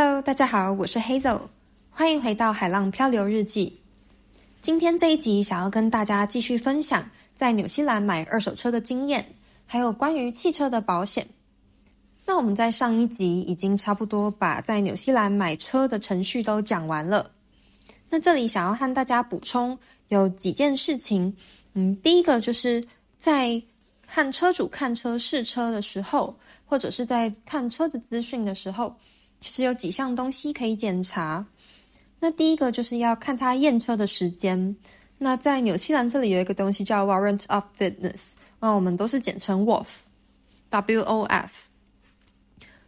Hello，大家好，我是 Hazel，歡迎回到《海浪漂流日記》。今天這一集想要跟大家繼續分享在紐西蘭買二手車的經驗，還有關於汽車的保險。那我們在上一集已經差不多把在紐西蘭買車的程序都講完了。那這裡想要和大家補充有幾件事情，嗯，第一個就是在看車主看車試車的時候，或者是在看車子資訊的時候。其實有幾項東西可以檢查。那第一個就是要看它驗車的時間。那在紐西蘭這裡有一個東西叫 “Warrant of Fitness”，那我們都是簡稱 “WOF”。W O F。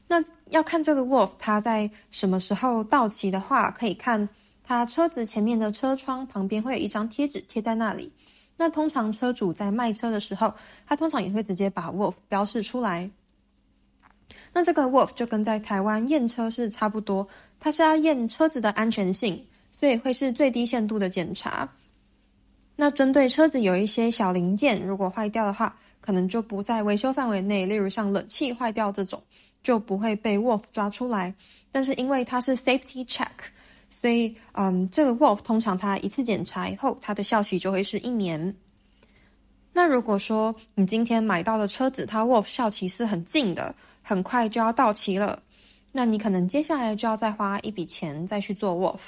那要看這個 WOF 它在什麼時候到期的話，可以看它車子前面的車窗旁邊會有一張貼紙貼在那裡。那通常車主在賣車的時候，他通常也會直接把 WOF 標示出來。那這個 WOLF 就跟在台灣驗車是差不多，它是要驗車子的安全性，所以會是最低限度的檢查。那針對車子有一些小零件，如果壞掉的話，可能就不在維修範圍內，例如像冷氣壞掉這種，就不會被 WOLF 抓出來。但是因為它是 safety check，所以嗯，這個 WOLF 通常它一次檢查以後，它的效期就會是一年。那如果說你今天買到的車子，它 WOLF 效期是很近的。很快就要到期了，那你可能接下來就要再花一筆錢再去做 WOF。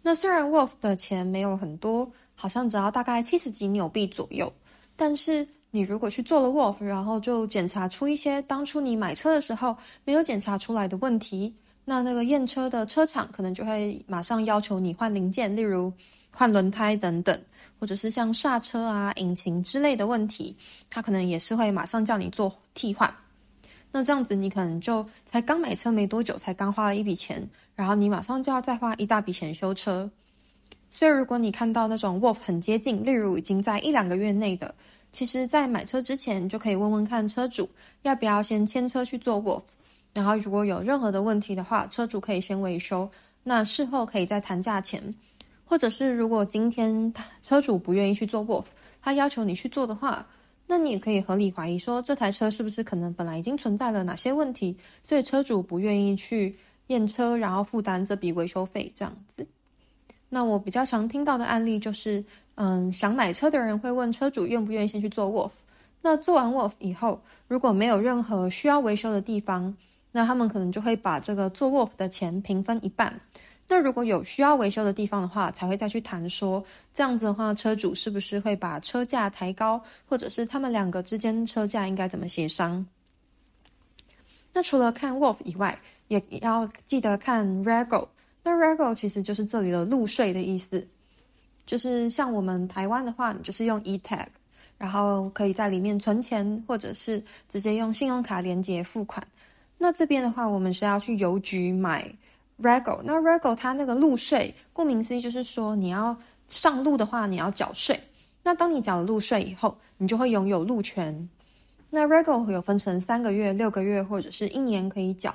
那雖然 WOF 的錢沒有很多，好像只要大概七十幾紐幣左右，但是你如果去做了 WOF，然後就檢查出一些當初你買車的時候沒有檢查出來的問題，那那個驗車的車廠可能就會馬上要求你換零件，例如換輪胎等等，或者是像剎車啊、引擎之類的問題，他可能也是會馬上叫你做替換。那這樣子，你可能就才剛買車沒多久，才剛花了一筆錢，然後你馬上就要再花一大筆錢修車。所以，如果你看到那種 WOF 很接近，例如已經在一兩個月內的，其實在買車之前你就可以問問看車主要不要先牽車去做 WOF，然後，如果有任何的問題的話，車主可以先維修，那事後可以再談價錢。或者是如果今天車主不願意去做 WOF，他要求你去做的話。那你也可以合理懷疑說，這台車是不是可能本來已經存在了哪些問題，所以車主不願意去驗車，然後負擔這筆維修費這樣子。那我比較常聽到的案例就是，嗯，想買車的人會問車主願不願意先去做 WOF。那做完 WOF 以後，如果沒有任何需要維修的地方，那他們可能就會把這個做 WOF 的錢平分一半。那如果有需要維修的地方的話，才會再去談說，這樣子的話，車主是不是會把車價抬高，或者是他們兩個之間車價應該怎麼協商？那除了看 WOLF 以外，也要記得看 REGO。那 REGO 其實就是這裡的路稅的意思，就是像我們台灣的話，你就是用 E-TAG，然後可以在裡面存錢，或者是直接用信用卡連結付款。那這邊的話，我們是要去郵局買。Rego，那 Rego 它那個路稅，顧名思義就是說你要上路的話，你要繳稅。那當你繳了路稅以後，你就會擁有路權。那 Rego 有分成三個月、六個月或者是一年可以繳。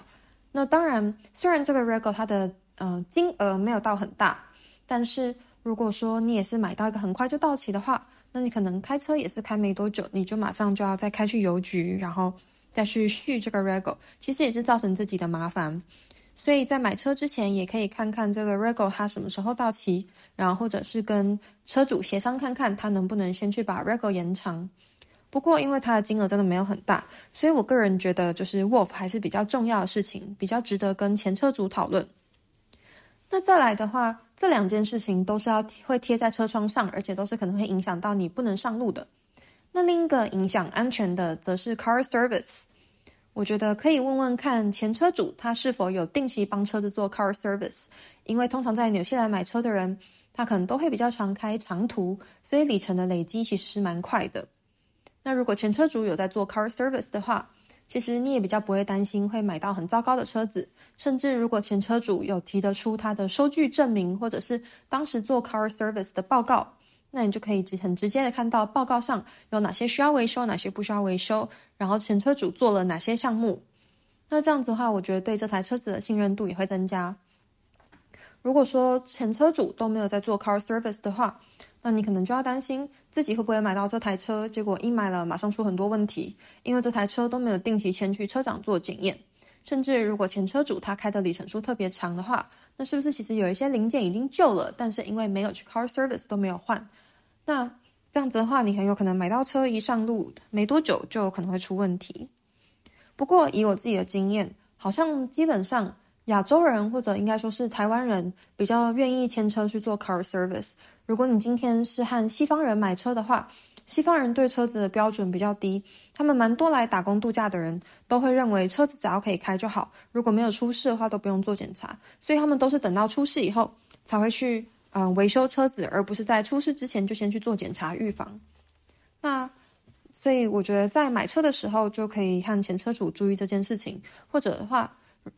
那當然，雖然這個 Rego 它的呃金額沒有到很大，但是如果說你也是買到一個很快就到期的話，那你可能開車也是開沒多久，你就馬上就要再開去郵局，然後再去續這個 Rego，其實也是造成自己的麻煩。所以在買車之前，也可以看看這個 rego 它什麼時候到期，然後或者是跟車主協商看看他能不能先去把 rego 延長。不過因為它的金額真的沒有很大，所以我個人覺得就是 WOF 還是比較重要的事情，比較值得跟前車主討論。那再來的話，這兩件事情都是要會貼在車窗上，而且都是可能會影響到你不能上路的。那另一個影響安全的，則是 Car Service。我覺得可以問問看前車主他是否有定期幫車子做 car service，因為通常在紐西蘭買車的人，他可能都會比較常開長途，所以里程的累積其實是蠻快的。那如果前車主有在做 car service 的話，其實你也比較不會擔心會買到很糟糕的車子。甚至如果前車主有提得出他的收據證明，或者是當時做 car service 的報告。那你就可以直，很直接的看到報告上有哪些需要維修，哪些不需要維修，然後前車主做了哪些項目。那這樣子的話，我覺得對這台車子的信任度也會增加。如果說前車主都沒有在做 car service 的話，那你可能就要擔心自己會不會買到這台車，結果一買了馬上出很多問題，因為這台車都沒有定期前去車廠做檢驗。甚至如果前車主他開的里程數特別長的話，那是不是其實有一些零件已經舊了，但是因為沒有去 car service 都沒有換。那這樣子的話，你很有可能買到車一上路沒多久就可能會出問題。不過以我自己的經驗，好像基本上亞洲人或者應該說是台灣人比較願意牽車去做 car service。如果你今天是和西方人買車的話，西方人對車子的標準比較低，他們蠻多來打工度假的人都會認為車子只要可以開就好，如果沒有出事的話都不用做檢查，所以他們都是等到出事以後才會去。嗯，維修車子，而不是在出事之前就先去做檢查預防。那所以我覺得在買車的時候就可以看前車主注意這件事情，或者的話，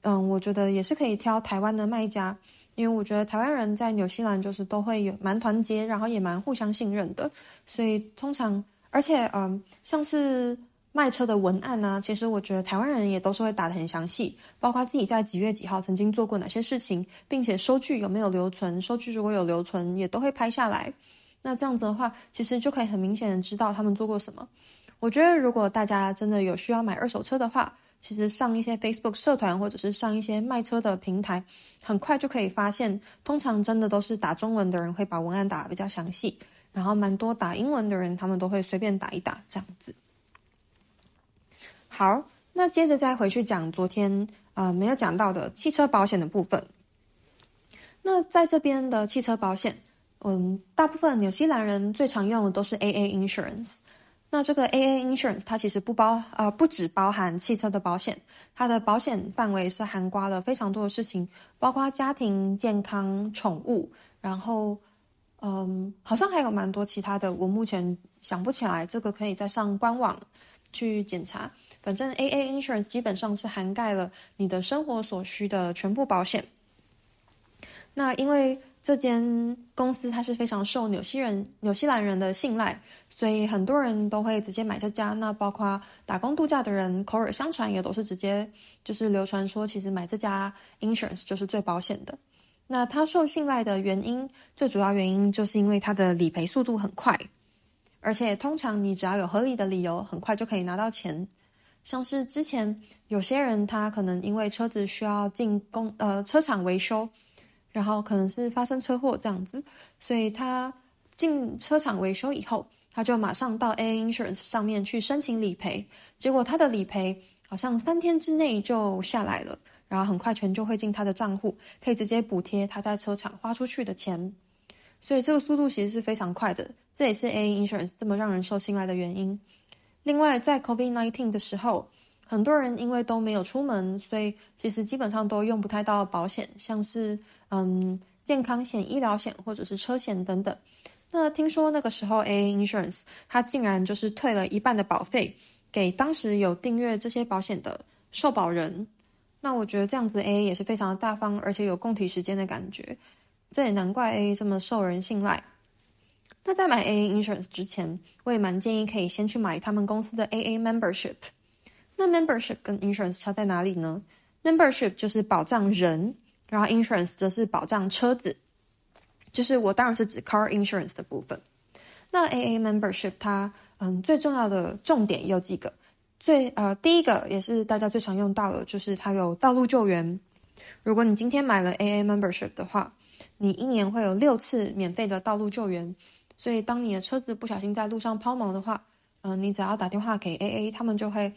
嗯，我覺得也是可以挑台灣的賣家，因為我覺得台灣人在紐西蘭就是都會有蠻團結，然後也蠻互相信任的。所以通常，而且嗯，像是。賣車的文案呢、啊，其實我覺得台灣人也都是會打的很詳細，包括自己在幾月幾號曾經做過哪些事情，並且收據有沒有留存，收據如果有留存，也都會拍下來。那這樣子的話，其實就可以很明顯的知道他們做過什麼。我覺得如果大家真的有需要買二手車的話，其實上一些 Facebook 社團或者是上一些賣車的平台，很快就可以發現，通常真的都是打中文的人會把文案打得比較詳細，然後蠻多打英文的人，他們都會隨便打一打這樣子。好，那接着再回去講昨天呃沒有講到的汽車保險的部分。那在這邊的汽車保險，嗯，大部分紐西蘭人最常用的都是 AA Insurance。那這個 AA Insurance 它其實不包呃，不只包含汽車的保險，它的保險範圍是涵蓋了非常多的事情，包括家庭、健康、寵物，然後嗯，好像還有蠻多其他的，我目前想不起來，這個可以再上官網去檢查。反正 AA Insurance 基本上是涵蓋了你的生活所需的全部保險。那因為這間公司它是非常受紐西人、紐西蘭人的信賴，所以很多人都會直接買這家。那包括打工度假的人，口耳相傳也都是直接就是流傳說，其實買這家 Insurance 就是最保險的。那它受信賴的原因，最主要原因就是因為它的理賠速度很快，而且通常你只要有合理的理由，很快就可以拿到錢。像是之前有些人，他可能因為車子需要進工呃車廠維修，然後可能是發生車禍這樣子，所以他進車廠維修以後，他就馬上到 A Insurance 上面去申請理賠，結果他的理賠好像三天之內就下來了，然後很快錢就會進他的賬戶，可以直接補貼他在車廠花出去的錢，所以這個速度其實是非常快的，這也是 A Insurance 這麼讓人受信賴的原因。另外，在 COVID-19 的時候，很多人因為都沒有出門，所以其實基本上都用不太到保險，像是嗯健康險、醫療險或者是車險等等。那聽說那個時候 AA Insurance 它竟然就是退了一半的保費給當時有訂閱這些保險的受保人。那我覺得這樣子 AA 也是非常的大方，而且有共體時艱的感覺。這也難怪 AA 這麼受人信賴。那在買 AA Insurance 之前，我也蠻建議可以先去買他們公司的 AA Membership。那 Membership 跟 Insurance 差在哪裡呢？Membership 就是保障人，然後 Insurance 則是保障車子，就是我當然是指 Car Insurance 的部分。那 AA Membership 它嗯最重要的重點有幾個。最呃第一個也是大家最常用到的，就是它有道路救援。如果你今天買了 AA Membership 的話，你一年會有六次免費的道路救援。所以，當你的車子不小心在路上拋錨的話，嗯、呃，你只要打電話給 AA，他們就會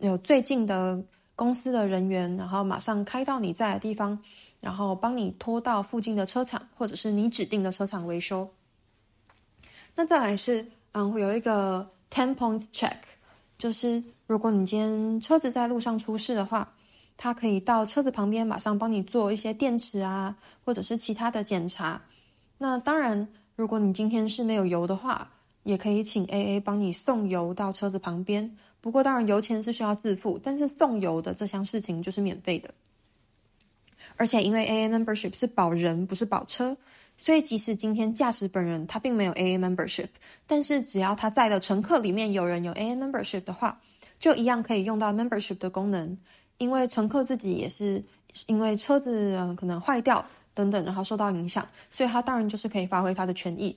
有最近的公司的人員，然後馬上開到你在的地方，然後幫你拖到附近的車廠或者是你指定的車廠維修。那再來是，嗯，會有一個 Ten Point Check，就是如果你今天車子在路上出事的話，他可以到車子旁邊馬上幫你做一些電池啊，或者是其他的檢查。那當然。如果你今天是沒有油的話，也可以請 AA 幫你送油到車子旁邊。不過當然，油錢是需要自付，但是送油的這項事情就是免費的。而且因為 AA Membership 是保人不是保車，所以即使今天駕駛本人他並沒有 AA Membership，但是只要他載的乘客裡面有人有 AA Membership 的話，就一樣可以用到 Membership 的功能。因為乘客自己也是因為車子嗯、呃、可能壞掉。等等，然後受到影響，所以他當然就是可以發揮他的權益。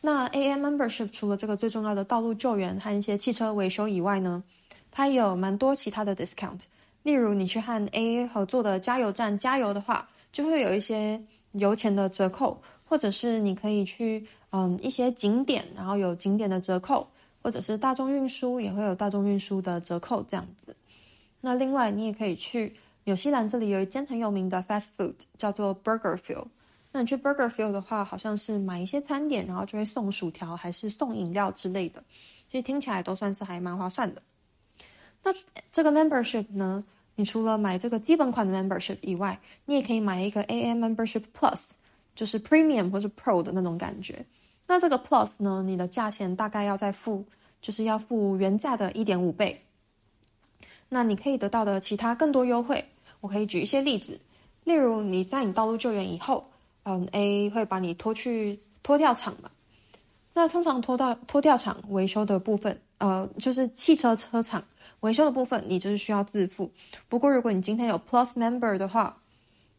那 AA membership 除了這個最重要的道路救援和一些汽車維修以外呢，它有蠻多其他的 discount。例如，你去和 AA 合作的加油站加油的話，就會有一些油錢的折扣；或者是你可以去嗯一些景點，然後有景點的折扣；或者是大眾運輸也會有大眾運輸的折扣這樣子。那另外，你也可以去。紐西蘭這裡有一間很有名的 fast food 叫做 Burger Fuel。那你去 Burger Fuel 的話，好像是買一些餐點，然後就會送薯條還是送飲料之類的，其實聽起來都算是還蠻划算的。那這個 membership 呢，你除了買這個基本款的 membership 以外，你也可以買一個 AA membership plus，就是 premium 或者 pro 的那種感覺。那這個 plus 呢，你的價錢大概要再付，就是要付原價的一點五倍。那你可以得到的其他更多優惠。我可以舉一些例子，例如你在你道路救援以後，嗯，AA 會把你拖去拖吊場嘛，那通常拖到拖吊場維修的部分，呃，就是汽車車廠維修的部分，你就是需要自付。不過如果你今天有 Plus Member 的話，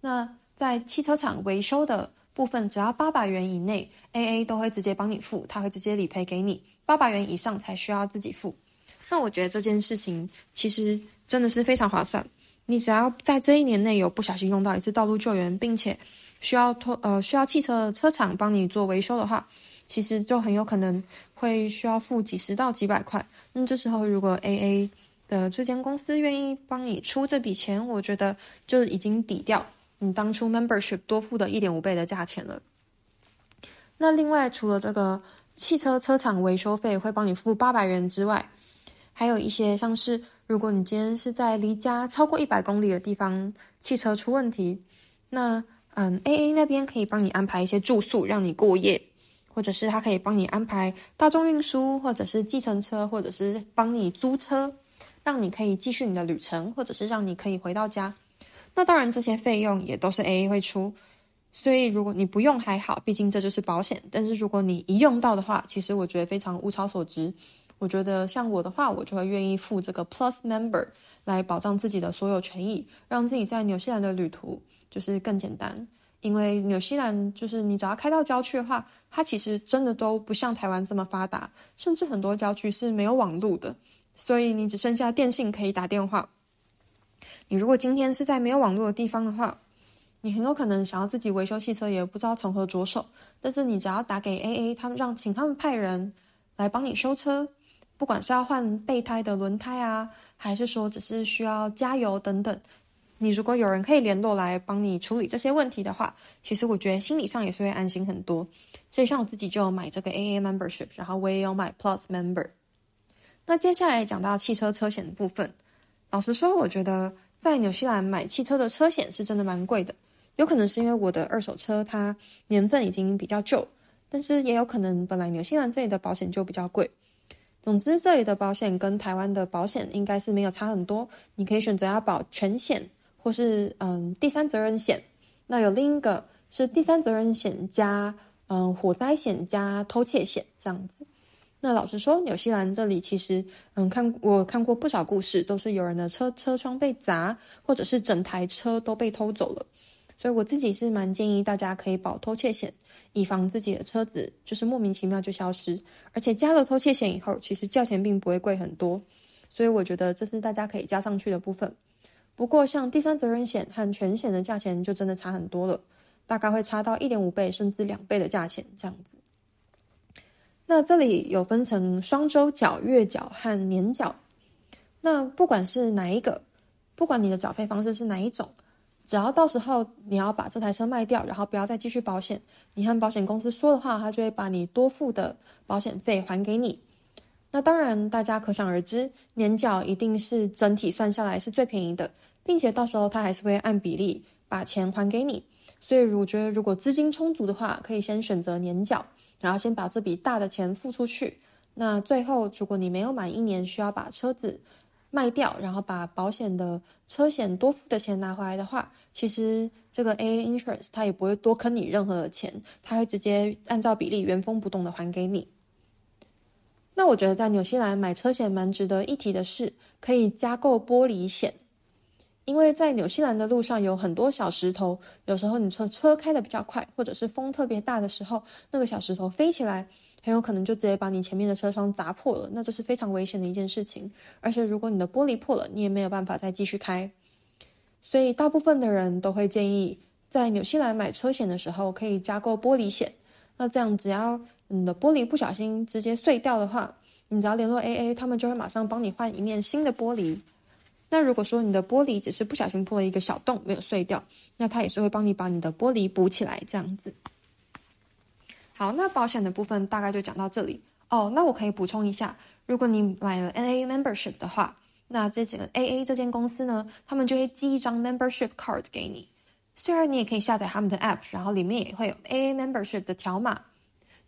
那在汽車廠維修的部分只要八百元以內，AA 都會直接幫你付，他會直接理賠給你。八百元以上才需要自己付。那我覺得這件事情其實真的是非常划算。你只要在這一年內有不小心用到一次道路救援，並且需要拖，呃、需要汽車車廠幫你做維修的話，其實就很有可能會需要付幾十到幾百塊。那這時候如果 AA 的這間公司願意幫你出這筆錢，我覺得就已經抵掉你當初 membership 多付的一點五倍的價錢了。那另外除了這個汽車車廠維修費會幫你付八百元之外，還有一些像是。如果你今天是在離家超過一百公里的地方，汽車出問題，那嗯，AA 那邊可以幫你安排一些住宿，讓你過夜，或者是他可以幫你安排大眾運輸，或者是計程車，或者是幫你租車，讓你可以繼續你的旅程，或者是讓你可以回到家。那當然，這些費用也都是 AA 會出。所以，如果你不用還好，畢竟這就是保險。但是，如果你一用到的話，其實我覺得非常物超所值。我覺得像我的話，我就會願意付這個 Plus Member 來保障自己的所有權益，讓自己在紐西蘭的旅途就是更簡單。因為紐西蘭就是你只要開到郊區的話，它其實真的都不像台灣這麼發達，甚至很多郊區是沒有網絡的，所以你只剩下電信可以打電話。你如果今天是在沒有網絡的地方的話，你很有可能想要自己維修汽車，也不知道從何着手。但是你只要打給 AA，他們讓請他們派人來幫你修車。不管是要換備胎的輪胎啊，還是說只是需要加油等等，你如果有人可以聯絡來幫你處理這些問題的話，其實我覺得心理上也是會安心很多。所以像我自己就買這個 AA Membership，然後我也有買 Plus Member。那接下來講到汽車車險的部分，老實說，我覺得在紐西蘭買汽車的車險是真的蠻貴的。有可能是因為我的二手車它年份已經比較舊，但是也有可能本來紐西蘭這裡的保險就比較貴。總之，這裡的保險跟台灣的保險應該是沒有差很多。你可以選擇要保全險，或是嗯第三責任險。那有另一個是第三責任險加嗯火災險加偷竊險這樣子。那老實說，紐西蘭這裡其實嗯看我看過不少故事，都是有人的車車窗被砸，或者是整台車都被偷走了。所以我自己是蠻建議大家可以保偷竊險。以防自己的車子就是莫名其妙就消失，而且加了偷竊險以後，其實價錢並不會貴很多，所以我覺得這是大家可以加上去的部分。不過像第三責任險和全險的價錢就真的差很多了，大概會差到一點五倍甚至兩倍的價錢這樣子。那這裡有分成雙週繳、月繳和年繳，那不管是哪一個，不管你的繳費方式是哪一種。只要到時候你要把這台車賣掉，然後不要再繼續保險，你和保險公司說的話，他就會把你多付的保險費還給你。那當然，大家可想而知，年繳一定是整體算下來是最便宜的，並且到時候他還是會按比例把錢還給你。所以我覺得，如果資金充足的話，可以先選擇年繳，然後先把這筆大的錢付出去。那最後，如果你沒有滿一年，需要把車子。賣掉，然後把保險的車險多付的錢拿回來的話，其實這個 AA Insurance 它也不會多坑你任何的錢，它會直接按照比例原封不動的還給你。那我覺得在紐西蘭買車險蠻值得一提的是，可以加購玻璃險，因為在紐西蘭的路上有很多小石頭，有時候你車車開得比較快，或者是風特別大的時候，那個小石頭飛起來。很有可能就直接把你前面的車窗砸破了，那這是非常危險的一件事情。而且如果你的玻璃破了，你也沒有辦法再繼續開。所以大部分的人都會建議，在紐西蘭買車險的時候可以加購玻璃險。那這樣，只要你的玻璃不小心直接碎掉的話，你只要聯絡 AA，他們就會馬上幫你換一面新的玻璃。那如果說你的玻璃只是不小心破了一個小洞，沒有碎掉，那他也是會幫你把你的玻璃補起來，這樣子。好，那保險的部分大概就講到這裡哦。那我可以補充一下，如果你買了 AA Membership 的話，那這幾個 AA 這間公司呢，他們就會寄一張 Membership Card 給你。雖然你也可以下載他們的 App，然後裡面也會有 AA Membership 的條碼，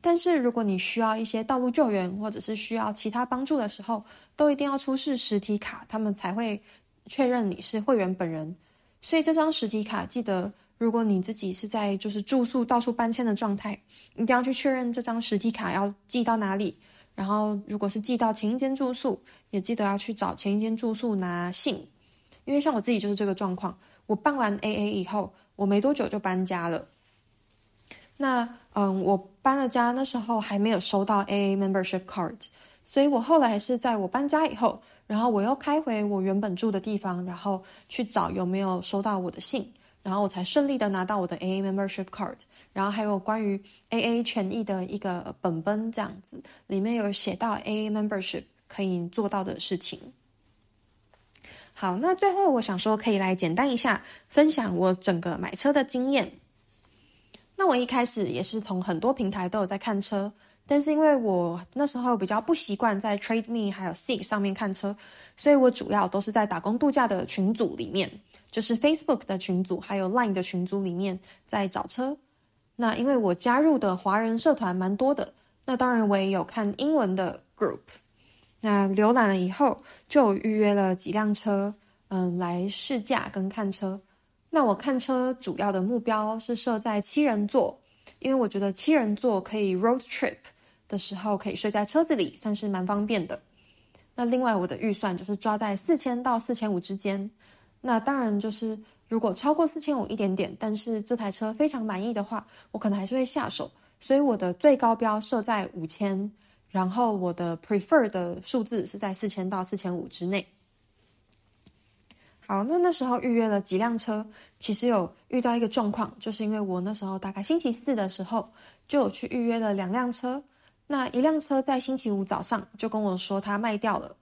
但是如果你需要一些道路救援或者是需要其他幫助的時候，都一定要出示實體卡，他們才會確認你是會員本人。所以這張實體卡，記得。如果你自己是在就是住宿到處搬遷的狀態，一定要去確認這張實體卡要寄到哪裡。然後，如果是寄到前一間住宿，也記得要去找前一間住宿拿信。因為像我自己就是這個狀況，我辦完 AA 以後，我沒多久就搬家了。那嗯，我搬了家，那時候還沒有收到 AA membership card，所以我後來是在我搬家以後，然後我又開回我原本住的地方，然後去找有沒有收到我的信。然後我才順利的拿到我的 AA membership card，然後還有關於 AA 權益的一個本本這樣子，裡面有寫到 AA membership 可以做到的事情。好，那最後我想說，可以來簡單一下分享我整個買車的經驗。那我一開始也是從很多平台都有在看車。但是因為我那時候比較不習慣在 Trade Me 還有 Seek 上面看車，所以我主要都是在打工度假的群組裡面，就是 Facebook 的群組還有 Line 的群組裡面在找車。那因為我加入的華人社團蠻多的，那當然我也有看英文的 group。那瀏覽了以後，就預約了幾輛車，嗯，來試駕跟看車。那我看車主要的目標是設在七人座，因為我覺得七人座可以 road trip。的時候可以睡在車子裡，算是蠻方便的。那另外我的預算就是抓在四千到四千五之間。那當然就是如果超過四千五一點點，但是這台車非常滿意的話，我可能還是會下手。所以我的最高標設在五千，然後我的 prefer 的數字是在四千到四千五之內。好，那那時候預約了幾輛車，其實有遇到一個狀況，就是因為我那時候大概星期四的時候就有去預約了兩輛車。那一輛車在星期五早上就跟我說他賣掉了，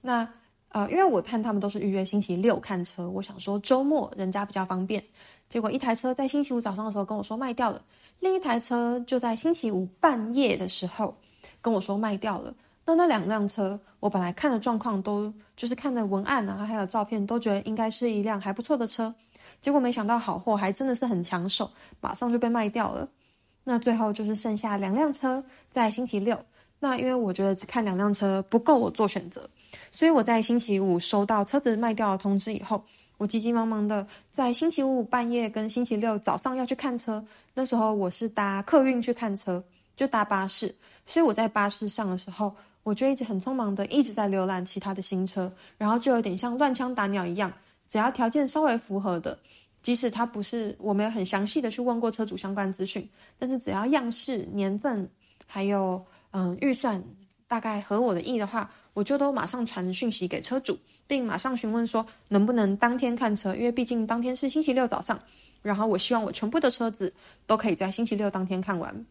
那呃，因為我看他們都是預約星期六看車，我想說周末人家比較方便，結果一台車在星期五早上的時候跟我說賣掉了，另一台車就在星期五半夜的時候跟我說賣掉了。那那兩輛車我本來看的狀況都就是看的文案啊還有照片，都覺得應該是一輛還不錯的車，結果沒想到好貨還真的是很搶手，馬上就被賣掉了。那最後就是剩下兩輛車在星期六。那因為我覺得只看兩輛車不夠我做選擇，所以我在星期五收到車子賣掉的通知以後，我急急忙忙的在星期五半夜跟星期六早上要去看車。那時候我是搭客運去看車，就搭巴士。所以我在巴士上的時候，我就一直很匆忙的一直在瀏覽其他的新車，然後就有點像亂槍打鳥一樣，只要條件稍微符合的。即使他不是，我沒有很詳細的去問過車主相關資訊，但是只要樣式、年份，還有嗯預算大概合我的意的話，我就都馬上傳訊息給車主，並馬上詢問說能不能當天看車，因為畢竟當天是星期六早上，然後我希望我全部的車子都可以在星期六當天看完。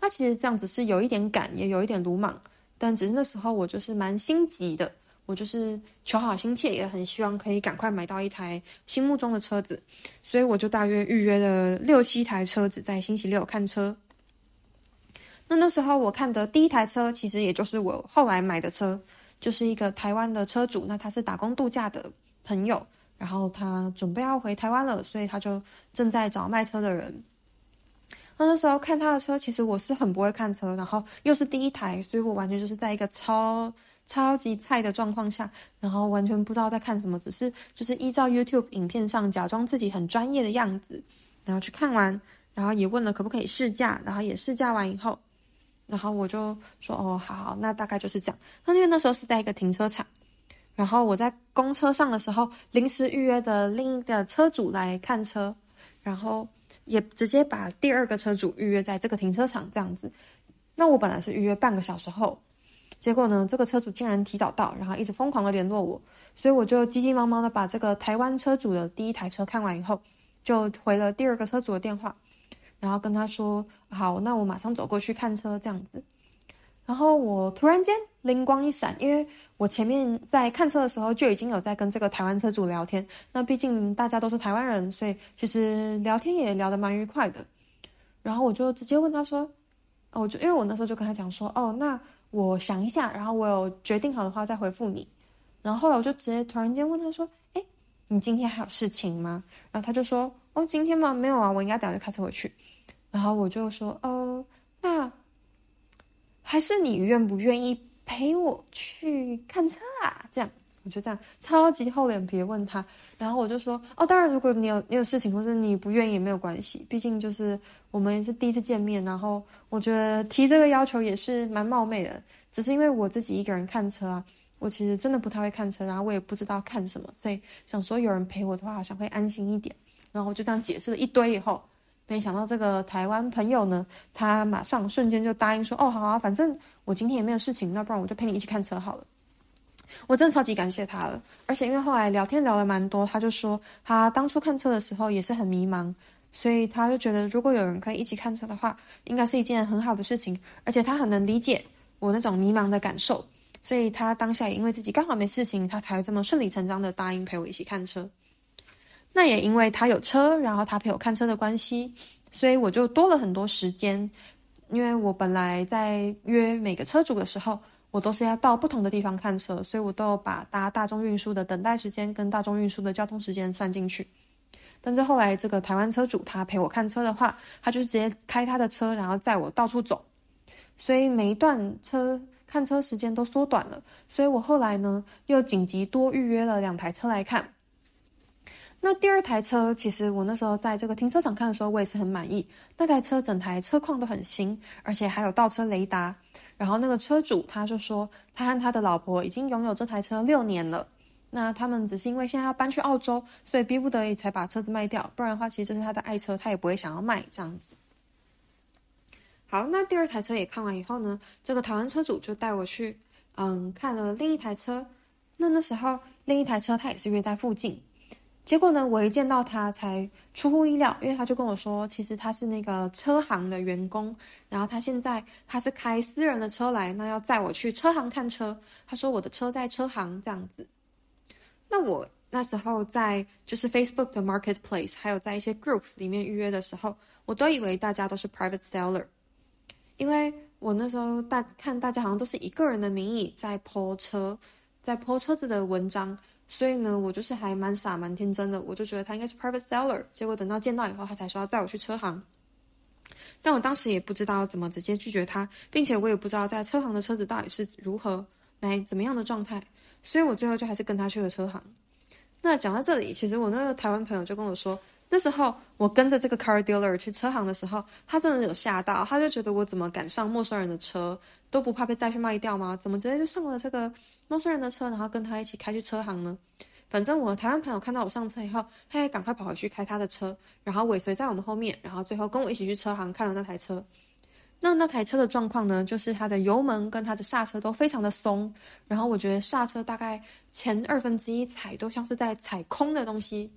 那其實這樣子是有一點趕，也有一點魯莽，但只是那時候我就是蠻心急的。我就是求好心切，也很希望可以趕快買到一台心目中的車子，所以我就大約預約了六七台車子在星期六看車。那那時候我看的第一台車，其實也就是我後來買的車，就是一個台灣的車主，那他是打工度假的朋友，然後他準備要回台灣了，所以他就正在找賣車的人。那那時候看他的車，其實我是很不會看車，然後又是第一台，所以我完全就是在一個超。超級菜的狀況下，然後完全不知道在看什麼，只是就是依照 YouTube 影片上假裝自己很專業的樣子，然後去看完，然後也問了可不可以試駕，然後也試駕完以後，然後我就說哦，好好，那大概就是這樣。那因為那時候是在一個停車場，然後我在公車上的時候臨時預約的另一個車主來看車，然後也直接把第二個車主預約在這個停車場這樣子。那我本來是預約半個小時後。結果呢？這個車主竟然提早到，然後一直瘋狂的聯絡我，所以我就急急忙忙的把這個台灣車主的第一台車看完以後，就回了第二個車主的電話，然後跟他說：“好，那我馬上走過去看車這樣子。”然後我突然間靈光一閃，因為我前面在看車的時候就已經有在跟這個台灣車主聊天，那畢竟大家都是台灣人，所以其實聊天也聊得蠻愉快的。然後我就直接問他說：“哦，就因為我那時候就跟他講說，哦，那。”我想一下，然後我有決定好的話再回復你。然後後來我就直接突然間問他說：“哎，你今天還有事情嗎？”然後他就說：“哦，今天嗎？沒有啊，我應該等一下就開車回去。”然後我就說：“哦，那還是你願不願意陪我去看車啊？這樣。”我就這樣超級厚臉皮問他，然後我就說，哦，當然如果你有你有事情或者你不願意也沒有關係，畢竟就是我們也是第一次見面，然後我覺得提這個要求也是蠻冒昧的，只是因為我自己一個人看車啊，我其實真的不太會看車，然後我也不知道看什麼，所以想說有人陪我的話好像會安心一點，然後我就這樣解釋了一堆以後，沒想到這個台灣朋友呢，他馬上瞬間就答應說，哦好啊，反正我今天也沒有事情，那不然我就陪你一起看車好了。我真的超級感謝他了，而且因為後來聊天聊了蠻多，他就說他當初看車的時候也是很迷茫，所以他就覺得如果有人可以一起看車的話，應該是一件很好的事情。而且他很能理解我那種迷茫的感受，所以他當下也因為自己剛好沒事情，他才這麼順理成章地答應陪我一起看車。那也因為他有車，然後他陪我看車的關係，所以我就多了很多時間，因為我本來在約每個車主的時候。我都是要到不同的地方看車，所以我都有把搭大眾運輸的等待時間跟大眾運輸的交通時間算進去。但是後來這個台灣車主他陪我看車的話，他就是直接開他的車，然後載我到處走，所以每一段車看車時間都縮短了。所以我後來呢又緊急多預約了兩台車來看。那第二台車其實我那時候在這個停車場看的時候，我也是很滿意。那台車整台車況都很新，而且還有倒車雷達。然後那個車主他就說，他和他的老婆已經擁有這台車六年了，那他們只是因為現在要搬去澳洲，所以逼不得已才把車子賣掉，不然的話其實這是他的愛車，他也不會想要賣這樣子。好，那第二台車也看完以後呢，這個台灣車主就帶我去，嗯，看了另一台車，那那時候另一台車他也是約在附近。結果呢，我一見到他，才出乎意料，因為他就跟我說，其實他是那個車行的員工，然後他現在他是開私人的車來，那要載我去車行看車。他說我的車在車行這樣子。那我那時候在就是 Facebook 的 Marketplace，還有在一些 Group 裡面預約的時候，我都以為大家都是 Private Seller，因為我那時候大看大家好像都是以個人的名義在潑車，在潑車子的文章。所以呢，我就是還蠻傻蠻天真的，我就覺得他應該是 private seller。結果等到見到以後，他才說要載我去車行。但我當時也不知道怎麼直接拒絕他，並且我也不知道在車行的車子到底是如何來怎麼樣的狀態，所以我最後就還是跟他去了車行。那講到這裡，其實我那個台灣朋友就跟我說。那時候我跟着這個 car dealer 去車行的時候，他真的有嚇到，他就覺得我怎麼敢上陌生人的車，都不怕被帶去賣掉嗎？怎麼直接就上了這個陌生人的車，然後跟他一起開去車行呢？反正我台灣朋友看到我上車以後，他也趕快跑回去開他的車，然後尾隨在我們後面，然後最後跟我一起去車行看了那台車。那那台車的狀況呢，就是它的油門跟它的剎車都非常的鬆，然後我覺得剎車大概前二分之一踩都像是在踩空的東西。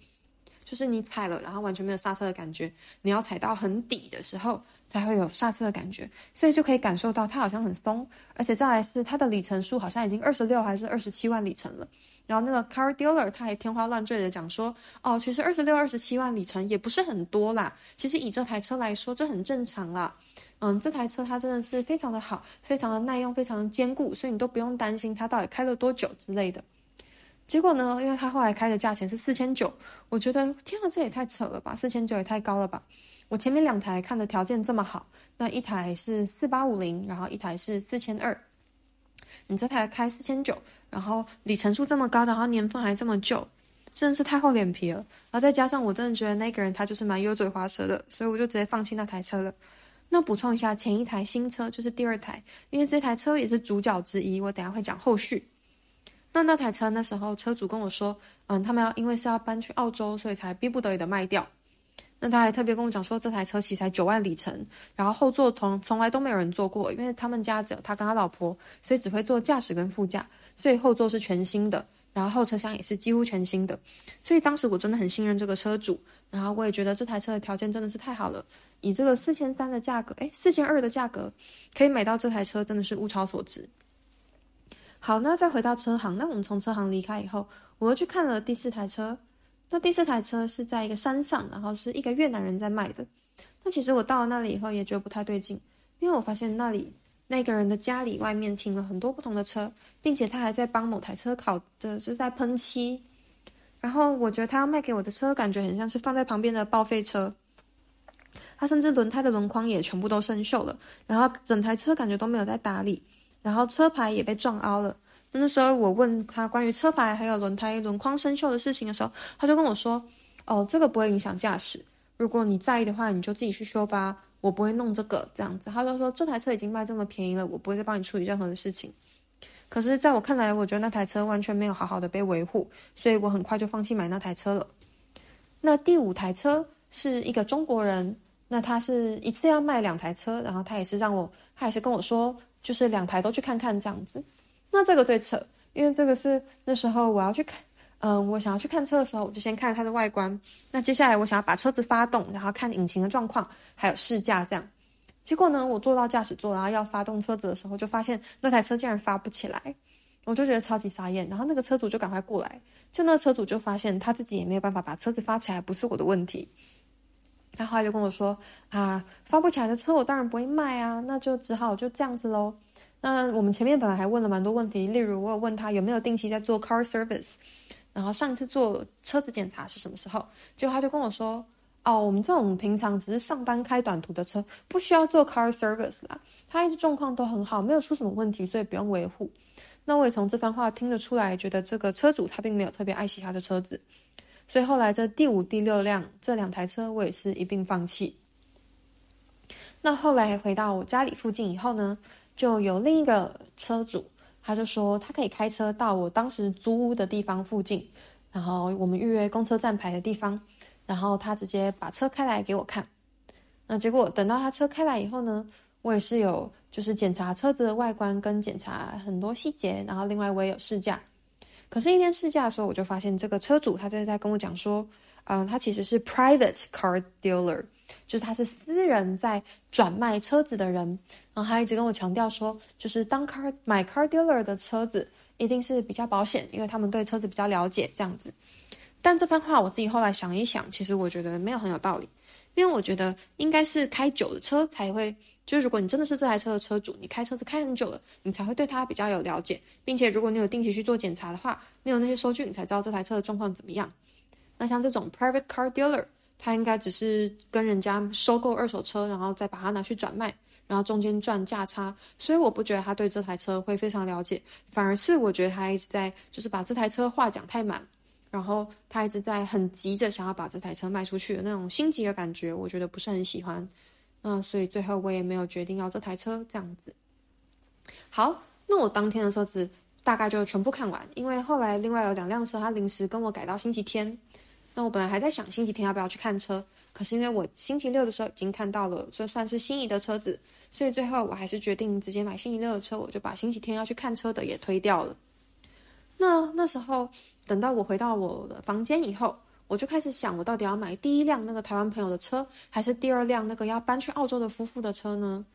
就是你踩了，然後完全沒有剎車的感覺，你要踩到很底的時候，才會有剎車的感覺，所以就可以感受到它好像很鬆。而且再來是它的里程數好像已經二十六還是二十七萬里程了，然後那個 car dealer 他還天花亂墜的講說，哦，其實二十六二十七萬里程也不是很多啦，其實以這台車來說，這很正常啦。嗯，這台車它真的是非常的好，非常的耐用，非常的堅固，所以你都不用擔心它到底開了多久之類的。結果呢？因為他後來開的價錢是四千九，我覺得天啊，這也太扯了吧！四千九也太高了吧！我前面兩台看的條件這麼好，那一台是四八五零，然後一台是四千二，你這台開四千九，然後里程數這麼高，然後年份還這麼久，真的是太厚臉皮了。然後再加上我真的覺得那個人他就是蠻油嘴滑舌的，所以我就直接放棄那台車了。那補充一下，前一台新車就是第二台，因為這台車也是主角之一，我等一下會講後續。那那台車那時候車主跟我說，嗯，他們要因為是要搬去澳洲，所以才逼不得已的賣掉。那他還特別跟我講說，這台車其實才九萬里程，然後後座從從來都沒有人坐過，因為他們家只有他跟他老婆，所以只會坐駕駛跟副駕，所以後座是全新的，然後後車廂也是幾乎全新的。所以當時我真的很信任這個車主，然後我也覺得這台車的條件真的是太好了，以這個四千三的價格，誒，四千二的價格可以買到這台車，真的是物超所值。好，那再回到車行，那我們從車行離開以後，我又去看了第四台車。那第四台車是在一個山上，然後是一個越南人在賣的。那其實我到了那裡以後，也覺得不太對勁，因為我發現那裡那個人的家裡外面停了很多不同的車，並且他還在幫某台車烤的，就是在噴漆。然後我覺得他要賣給我的車，感覺很像是放在旁邊的報廢車。他、啊、甚至輪胎的輪框也全部都生鏽了，然後整台車感覺都沒有在打理。然後車牌也被撞凹了。那，那時候我問他關於車牌還有輪胎、輪框生鏽的事情的時候，他就跟我說：“哦，這個不會影響駕駛。如果你在意的話，你就自己去修吧，我不會弄這個。”這樣子，他就說：“這台車已經賣這麼便宜了，我不會再幫你處理任何的事情。”可是，在我看來，我覺得那台車完全沒有好好的被維護，所以我很快就放棄買那台車了。那第五台車是一個中國人，那他是一次要賣兩台車，然後他也是讓我，他也是跟我說。就是兩台都去看看這樣子，那這個最扯，因為這個是那時候我要去看，嗯，我想要去看車的時候，我就先看它的外觀。那接下來我想要把車子發動，然後看引擎的狀況，還有試駕這樣。結果呢，我坐到駕駛座，然後要發動車子的時候，就發現那台車竟然發不起來，我就覺得超級傻眼。然後那個車主就趕快過來，就那車主就發現他自己也沒有辦法把車子發起來，不是我的問題。他後來就跟我說：“啊，發不起來的車我當然不會賣啊，那就只好就這樣子嘍。”那我們前面本來還問了蠻多問題，例如我有問他有沒有定期在做 car service，然後上一次做車子檢查是什麼時候，結果他就跟我說：“哦，我們這種平常只是上班開短途的車，不需要做 car service 啦，他一直狀況都很好，沒有出什麼問題，所以不用維護。”那我也從這番話聽得出來，覺得這個車主他並沒有特別愛惜他的車子。所以後來這第五、第六輛這兩台車，我也是一併放棄。那後來回到我家裡附近以後呢，就有另一個車主，他就說他可以開車到我當時租屋的地方附近，然後我們預約公車站牌的地方，然後他直接把車開來給我看。那結果等到他車開來以後呢，我也是有就是檢查車子的外觀跟檢查很多細節，然後另外我也有試駕。可是，一天試駕的時候，我就發現這個車主他正在跟我講說，嗯、呃，他其實是 private car dealer，就是他是私人在轉賣車子的人。然後他一直跟我強調說，就是當 car、買 car dealer 的車子一定是比較保險，因為他們對車子比較了解這樣子。但這番話我自己後來想一想，其實我覺得沒有很有道理，因為我覺得應該是開久的車才會。就是如果你真的是這台車的車主，你開車子開很久了，你才會對他比較有了解，並且如果你有定期去做檢查的話，你有那些收據，你才知道這台車的狀況怎麼樣。那像這種 private car dealer，他應該只是跟人家收購二手車，然後再把它拿去轉賣，然後中間賺價差。所以我不覺得他對這台車會非常了解，反而是我覺得他一直在就是把這台車話講太滿，然後他一直在很急着想要把這台車賣出去的那種心急的感覺，我覺得不是很喜歡。那所以最後我也沒有決定要這台車這樣子。好，那我當天的車子大概就全部看完，因為後來另外有兩輛車，他臨時跟我改到星期天。那我本來還在想星期天要不要去看車，可是因為我星期六的時候已經看到了，所以算是心儀的車子，所以最後我還是決定直接買星期六的車，我就把星期天要去看車的也推掉了。那那時候等到我回到我的房間以後。我就開始想，我到底要買第一輛那個台灣朋友的車，還是第二輛那個要搬去澳洲的夫婦的車呢？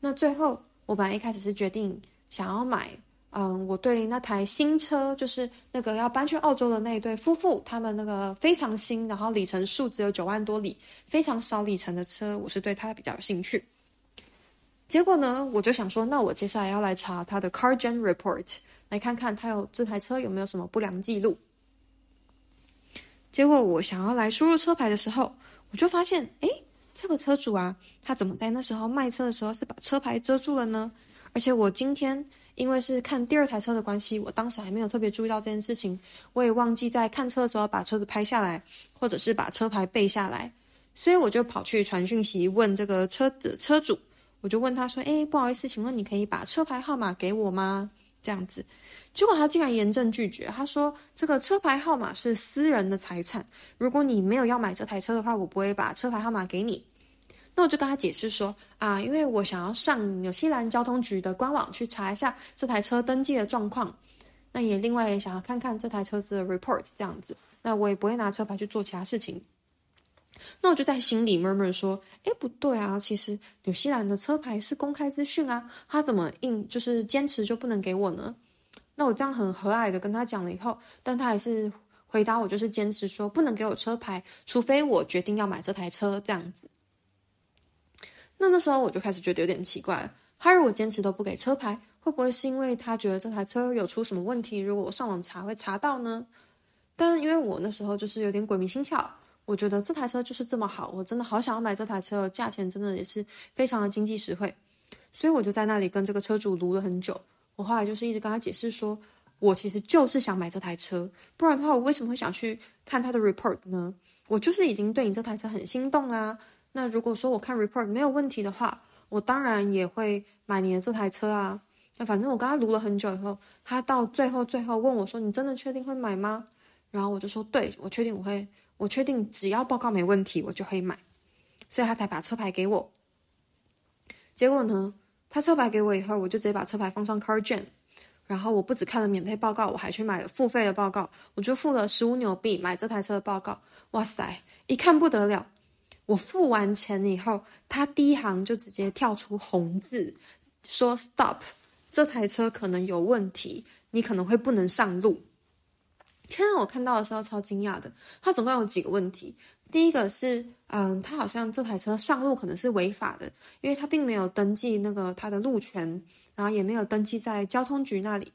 那最後，我本來一開始是決定想要買，嗯，我對那台新車，就是那個要搬去澳洲的那一對夫婦，他們那個非常新，然後里程數只有九萬多里，非常少里程的車，我是對它比較有興趣。結果呢，我就想說，那我接下來要來查他的 CarJam Report，來看看他有這台車有沒有什麼不良記錄。結果我想要來輸入車牌的時候，我就發現，哎，這個車主啊，他怎麼在那時候賣車的時候是把車牌遮住了呢？而且我今天因為是看第二台車的關係，我當時還沒有特別注意到這件事情，我也忘記在看車的時候把車子拍下來，或者是把車牌背下來，所以我就跑去傳訊息問這個車的車主，我就問他說，哎，不好意思，請問你可以把車牌號碼給我嗎？這樣子。結果他竟然嚴正拒絕。他說：“這個車牌號碼是私人的財產，如果你沒有要買這台車的話，我不會把車牌號碼給你。”那我就跟他解釋說：“啊，因為我想要上紐西蘭交通局的官網去查一下這台車登記的狀況，那也另外想要看看這台車子的 report，這樣子，那我也不會拿車牌去做其他事情。”那我就在心裡 murmur 說：“誒，不對啊，其實紐西蘭的車牌是公開資訊啊，他怎麼硬就是堅持就不能給我呢？”那我這樣很和藹的跟他講了以後，但他還是回答我，就是堅持說不能給我車牌，除非我決定要買這台車這樣子。那那時候我就開始覺得有點奇怪了，他如果堅持都不給車牌，會不會是因為他覺得這台車有出什麼問題？如果我上網查會查到呢？但因為我那時候就是有點鬼迷心竅，我覺得這台車就是這麼好，我真的好想要買這台車，價錢真的也是非常的經濟實惠，所以我就在那裡跟這個車主盧了很久。後來就是一直跟他解釋說，我其實就是想買這台車，不然的話我為什麼會想去看他的 report 呢？我就是已經對你這台車很心動啊。那如果說我看 report 沒有問題的話，我當然也會買你的這台車啊。那反正我跟他盧了很久以後，他到最後最後問我說：“你真的確定會買嗎？”然後我就說：“對，我確定我會，我確定只要報告沒問題，我就可以買。”所以他才把車牌給我。結果呢？他車牌給我以後，我就直接把車牌放上 CarJam，然後我不只看了免費報告，我還去買付費的報告，我就付了十五紐幣買這台車的報告。哇塞，一看不得了！我付完錢以後，他第一行就直接跳出紅字，說 “Stop”，這台車可能有問題，你可能會不能上路。天啊，我看到的時候超驚訝的。他總共有幾個問題？第一個是，嗯，他好像這台車上路可能是違法的，因為他並沒有登記那個他的路權，然後也沒有登記在交通局那裡。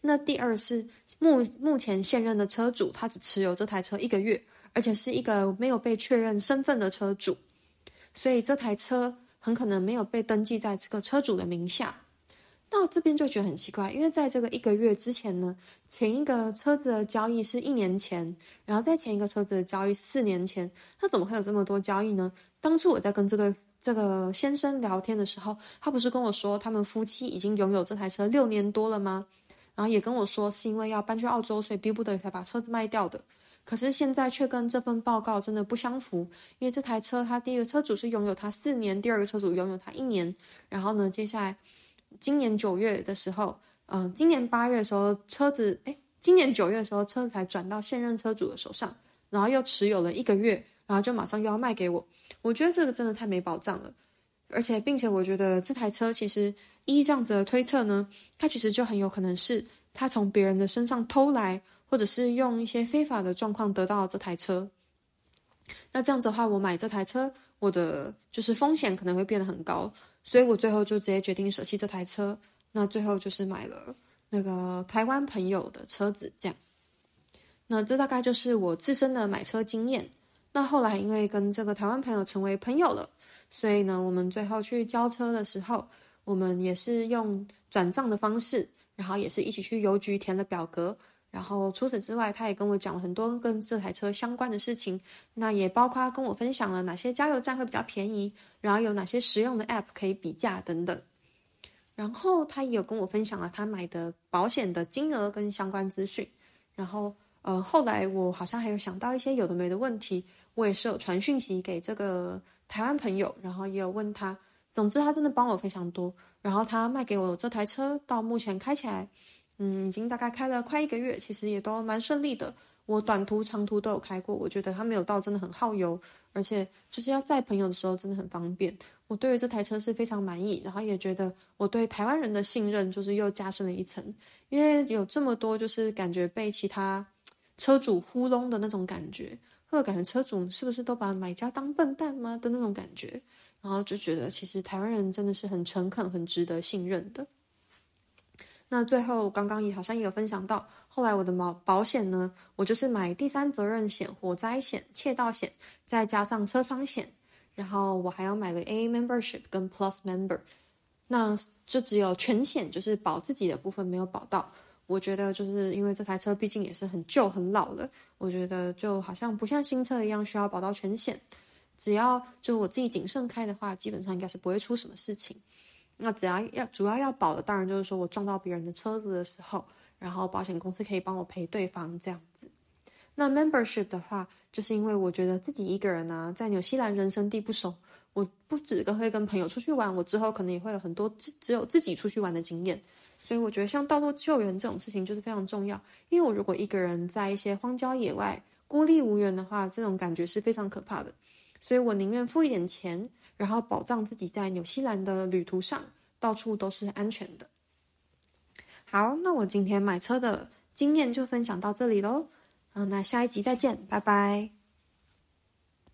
那第二是，目目前現任的車主他只持有這台車一個月，而且是一個沒有被確認身份的車主，所以這台車很可能沒有被登記在這個車主的名下。到這邊就覺得很奇怪，因為在這個一個月之前呢，前一個車子的交易是一年前，然後在前一個車子的交易四年前，那怎麼會有這麼多交易呢？當初我在跟這對這個先生聊天的時候，他不是跟我說他們夫妻已經擁有這台車六年多了嗎？然後也跟我說是因為要搬去澳洲，所以逼不得已才把車子賣掉的。可是現在卻跟這份報告真的不相符，因為這台車，他第一個車主是擁有它四年，第二個車主擁有它一年，然後呢，接下來。今年九月的時候，嗯、呃，今年八月的時候，車子，哎，今年九月的時候，車子才轉到現任車主的手上，然後又持有了一個月，然後就馬上又要賣給我。我覺得這個真的太沒保障了，而且，並且我覺得這台車其實以這樣子的推測呢，它其實就很有可能是他從別人的身上偷來，或者是用一些非法的狀況得到這台車。那這樣子的話，我買這台車，我的就是風險可能會變得很高。所以我最後就直接決定捨棄這台車，那最後就是買了那個台灣朋友的車子，這樣。那這大概就是我自身的買車經驗。那後來因為跟這個台灣朋友成為朋友了，所以呢，我們最後去交車的時候，我們也是用轉賬的方式，然後也是一起去郵局填了表格。然後除此之外，他也跟我講了很多跟這台車相關的事情，那也包括跟我分享了哪些加油站會比較便宜，然後有哪些實用的 app 可以比價等等。然後他也有跟我分享了他買的保險的金額跟相關資訊。然後呃，後來我好像還有想到一些有的沒的問題，我也是有傳訊息給這個台灣朋友，然後也有問他。總之，他真的幫我非常多。然後他賣給我這台車，到目前開起來。嗯，已經大概開了快一個月，其實也都蠻順利的。我短途、長途都有開過，我覺得它沒有到真的很耗油，而且就是要載朋友的時候真的很方便。我對於這台車是非常滿意，然後也覺得我對台灣人的信任就是又加深了一層。因為有這麼多，就是感覺被其他車主糊弄的那種感覺，或者感覺車主是不是都把買家當笨蛋嗎的那種感覺，然後就覺得其實台灣人真的是很誠懇、很值得信任的。那最後，剛剛也好像也有分享到，後來我的保保險呢，我就是買第三責任險、火災險、竊盜險，再加上車窗險，然後我還要買個 AA membership 跟 Plus member，那就只有全險，就是保自己的部分沒有保到。我覺得就是因為這台車畢竟也是很舊很老了，我覺得就好像不像新車一樣需要保到全險，只要就我自己謹慎開的話，基本上應該是不會出什麼事情。那只要要主要要保的，當然就是說我撞到別人的車子的時候，然後保險公司可以幫我賠對方這樣子。那 membership 的話，就是因為我覺得自己一個人啊，在紐西蘭人生地不熟，我不止跟會跟朋友出去玩，我之後可能也會有很多只只有自己出去玩的經驗，所以我覺得像道路救援這種事情就是非常重要。因為我如果一個人在一些荒郊野外孤立無援的話，這種感覺是非常可怕的，所以我寧願付一點錢。然後保障自己在紐西蘭的旅途上，到處都是安全的。好，那我今天買車的經驗就分享到這裡嘍。嗯，那下一集再見，拜拜。